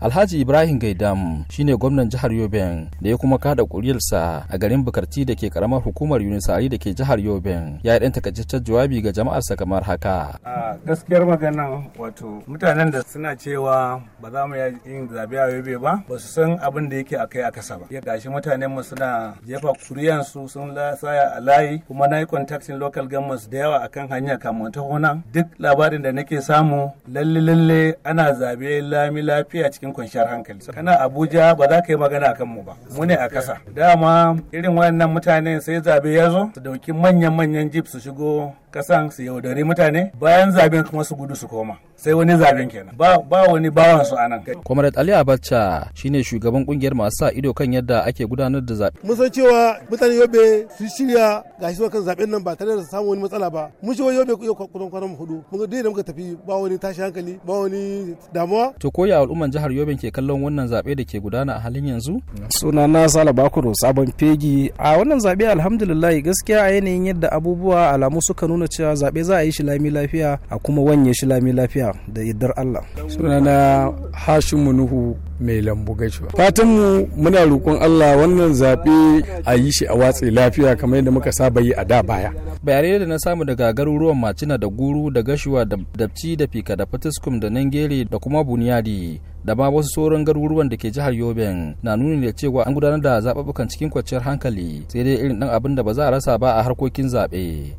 alhaji ibrahim gaidam shine gwamnan jihar yobin da ya kuma kada kuriyarsa a garin bukarti da ke karamar hukumar unisari da ke jihar yobin ya yi dan takaitaccen jawabi ga jama'arsa kamar haka gaskiyar magana wato mutanen da suna cewa ba za mu yin zabe a yobe ba ba su san abin da yake akai a kasa ba ya gashi mutanen mu suna jefa su sun saya a layi kuma na yi local governments da yawa akan hanya kamar ta hona duk labarin da nake samu lalle lalle ana zabe lami lafiya cikin cikin kwanciyar hankali kana abuja ba za ka yi magana kan mu ba mu ne a kasa dama irin wannan mutane sai zabe ya zo su dauki manyan manyan jeep su shigo kasan su yaudari mutane bayan zaben kuma su gudu su koma sai wani zaben kenan ba ba wani bawan su anan comrade ali abacha shine shugaban kungiyar masu sa ido kan yadda ake gudanar da zaɓe. mun san cewa mutane yobe su shirya shi kan zaben nan ba tare da samun wani matsala ba mun shi yobe kudan kwanan hudu mun ga da muka tafi ba wani tashi hankali ba wani damuwa to koya al'umman jihar yobe ke kallon wannan zaɓe da ke gudana a halin yanzu suna na sala bakuru sabon fegi a wannan zaɓe alhamdulillah gaskiya a yanayin yadda abubuwa alamu suka nuna cewa zaɓe za a yi shi lami lafiya a kuma wanye shi lami lafiya da yardar allah suna na hashimu nuhu mai lambu gaishewa fatan mu muna roƙon Allah wannan zaɓe a yi shi a watsi lafiya kamar yadda muka saba yi a da baya bayanai da na samu daga garuruwan macina da guru da gashuwa da dabci da fika da fatiskum da nangere da kuma buniyadi da ma wasu sauran garuruwan da ke jihar yoben na nuni da cewa an gudanar da zaɓuɓɓukan cikin kwanciyar hankali sai dai irin ɗan abin da ba za a rasa ba a harkokin zaɓe